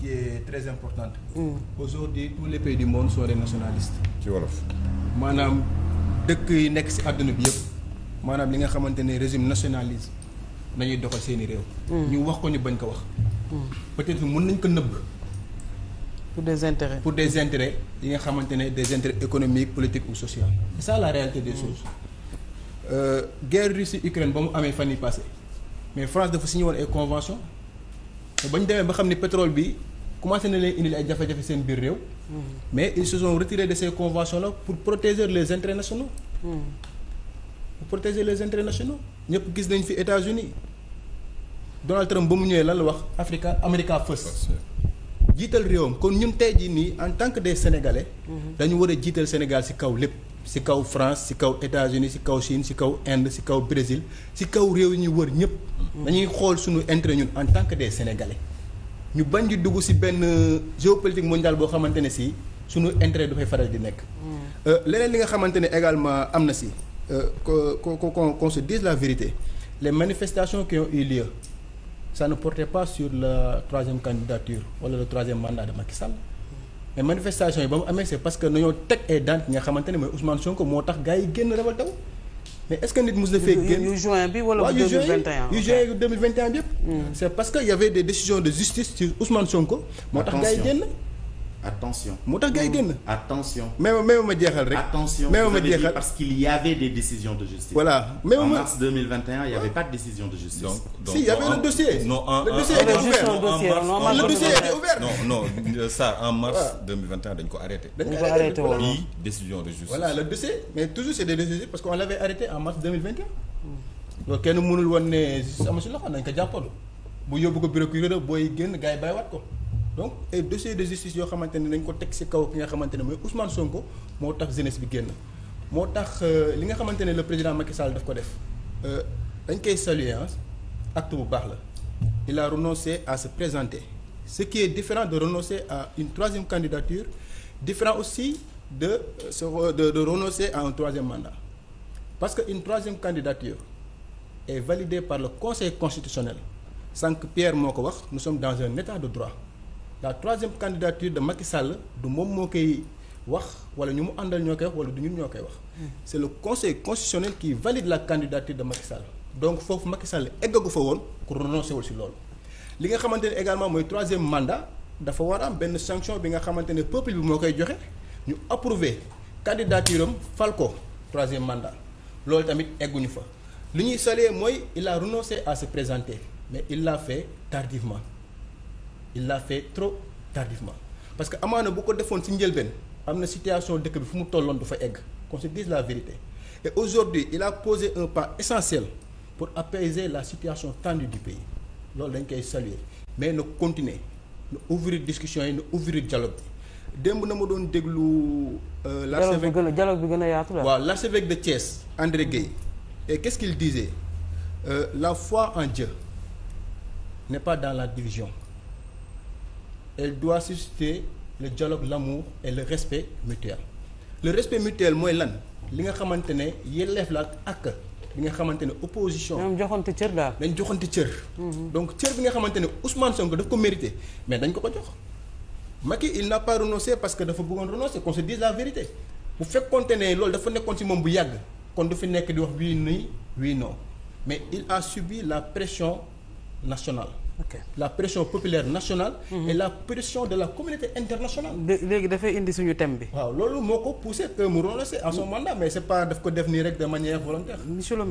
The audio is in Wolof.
qui est très importante. Mm. aujourd'hui tous les pays du monde sont ci wolof. maanaam dëkk yi nekk si àdduna bi yëpp maanaam li nga xamante ne régime nationalisme nañuy doxal seeni réew. Mm. ñu wax ko ñu bañ ko wax. Mm. peut-être mun nañ ko nëbb. pour des intérêts pour des intérêts yi nga xamante ne des intérêts économiques politiques ou sociaux. c'est la réalité des mm. choses. Euh, guerre Russie Ukraine ba mu amee fan yi passé mais France dafa signé woon ay convention bañ demee ba xam ne pétrole bi commencé na leen indil ay jafe-jafe seen biir réew. mais ils se sont retirés de ces conventions là pour protéger les intérêts nationaux. pour protéger les intérêts nationaux ñëpp gis nañ fi États-Unis Donald Trump ba mu ñëwee lan la wax Africa américa first. jiital réewam kon ñun tey jii nii en tant que des sénégalais. Mhm. dañu war a jiital Sénégal ci kaw lépp. ci kaw France ci kaw États-Unis ci kaw Chine ci kaw Inde ci kaw Brésil ci kaw réew ñu war wër ñëpp. Mhm. dañuy xool suñu intérêt ñun en tant que des sénégalais. ñu bañ di dugg si benn géopolitique mondiale boo xamante ne si suñu intérêt dafay faral di nekk. Mm. Euh, leneen li nga xamante ne également am na si euh, qu'on qu'on qu'on se dise la vérité les manifestations qui ont eu lieu ça ne portait pas sur la troisième candidature wala le troisième mandat de Macky Sall. mais manifestation yi ba mu amee c'est parce que nañoo teg ay daan ki nga xamante ne mooy Ousmane Sonko moo tax gars yi génn rabal taw. mais est-ce nit mos na fee yu juin bi wala bu 2021 yu juin yu 2021 bi yëpp. Mm. c'est parce que y avait des décisions de justice ci Ousmane Sonko. moo tax gars yi génn. attention moo tax gars yi génn. Mm. attention mais mais ma jeexal rek. attention ma jeexal parce qu'il y avait des de justice. voilà mais en mars 2021 il y avait pas de décision de justice. donc donc si y avait le dossier. non en le dossier était ouvert dossier était ouvert. non non euh, ça dossier mais toujours c'est des décisions parce qu'on l'avait arrêté en mars 2021. kenn mënul woon ne justice amu si loxo nañ ko jàppalu bu yóbbu ko biro procureur booy génn gars yi bàyyiwaat ko. donc ay dossier de justice yoo xamante ne dañ ko teg ci kaw ki nga xamante ne mooy Ousmane Sonko moo tax jeunesse bi génn moo tax euh, li nga xamante ne le président Macky Sall daf ko def euh, dañ koy saluer acte bu baax la il a renoncé à se présenter ce qui est différent de renoncer à une troisième candidature différent aussi de euh, de de renoncer à un troisième mandat parce que une troisième candidature est validée par le Conseil constitutionnel sànq Pierre moo ko wax nous sommes dans un état de la troisième candidature de Macky Sall du moom moo koy wax wala ñu mu àndal ñoo koy wax wala du ñun ñoo koy wax. c'est le conseil constitutionnel qui valide la candidature de Macky Sall donc foofu Macky Sall eggagu fa woon ku renoncé wul si loolu. li nga xamante ne également mooy troisième mandat dafa war am benn sanction bi nga xamante ne peuple bi moo koy joxe ñu approuvé candidature am fal ko troisième mandat loolu tamit egguñu fa. li ñuy saluer mooy il a à se mais il l'a fait il l'a fait trop tardivement parce que amaana bu ko defoon ci njëlbeen am na situation dëkk bi fu mu tolloon du fa egg qu'on se dise la vérité et aujourd'hui il a posé un pas essentiel pour apaiser la situation tendue du pays loolu dañ koy saluer mais na continuer na ouvrir discussion yi na ouvrir dialogue bi démb na ma doon déglu. Euh, l'archevêque dialogue bi gën a yaatu la. waaw l'archevêque de Thiès André Gueye et qu'est-ce qu'il disait euh, la fois en Dieu n'est pas dans la division elle doit susciter le dialogue l'amour et le respect mutuel le respect mutuel mooy lan li nga xamante ne yelleef la ak bi nga xamante ne opposition. ñoom joxante cër daal. dañ joxante cër. Mhm. donc cër bi nga xamante ne Ousmane def ko mérité mais dañ ko ko jox. Macky il n'a pas renoncé parce que dafa bëggoon renoncer qu'on se dise la vérité bu fekkonte ne loolu dafa nekkoon ci moom bu yàgg kon du fi nekk di wax wii nii wii non mais il a subi la pression nationale. Okay. la pression populaire nationale. Mm -hmm. et la pression de la communauté internationale. léegi dafay indi suñu thème bi. waaw loolu moo ko poussé que mu renoncer à son mandat mais c'est pas daf ko def nii rek de manière volontaire.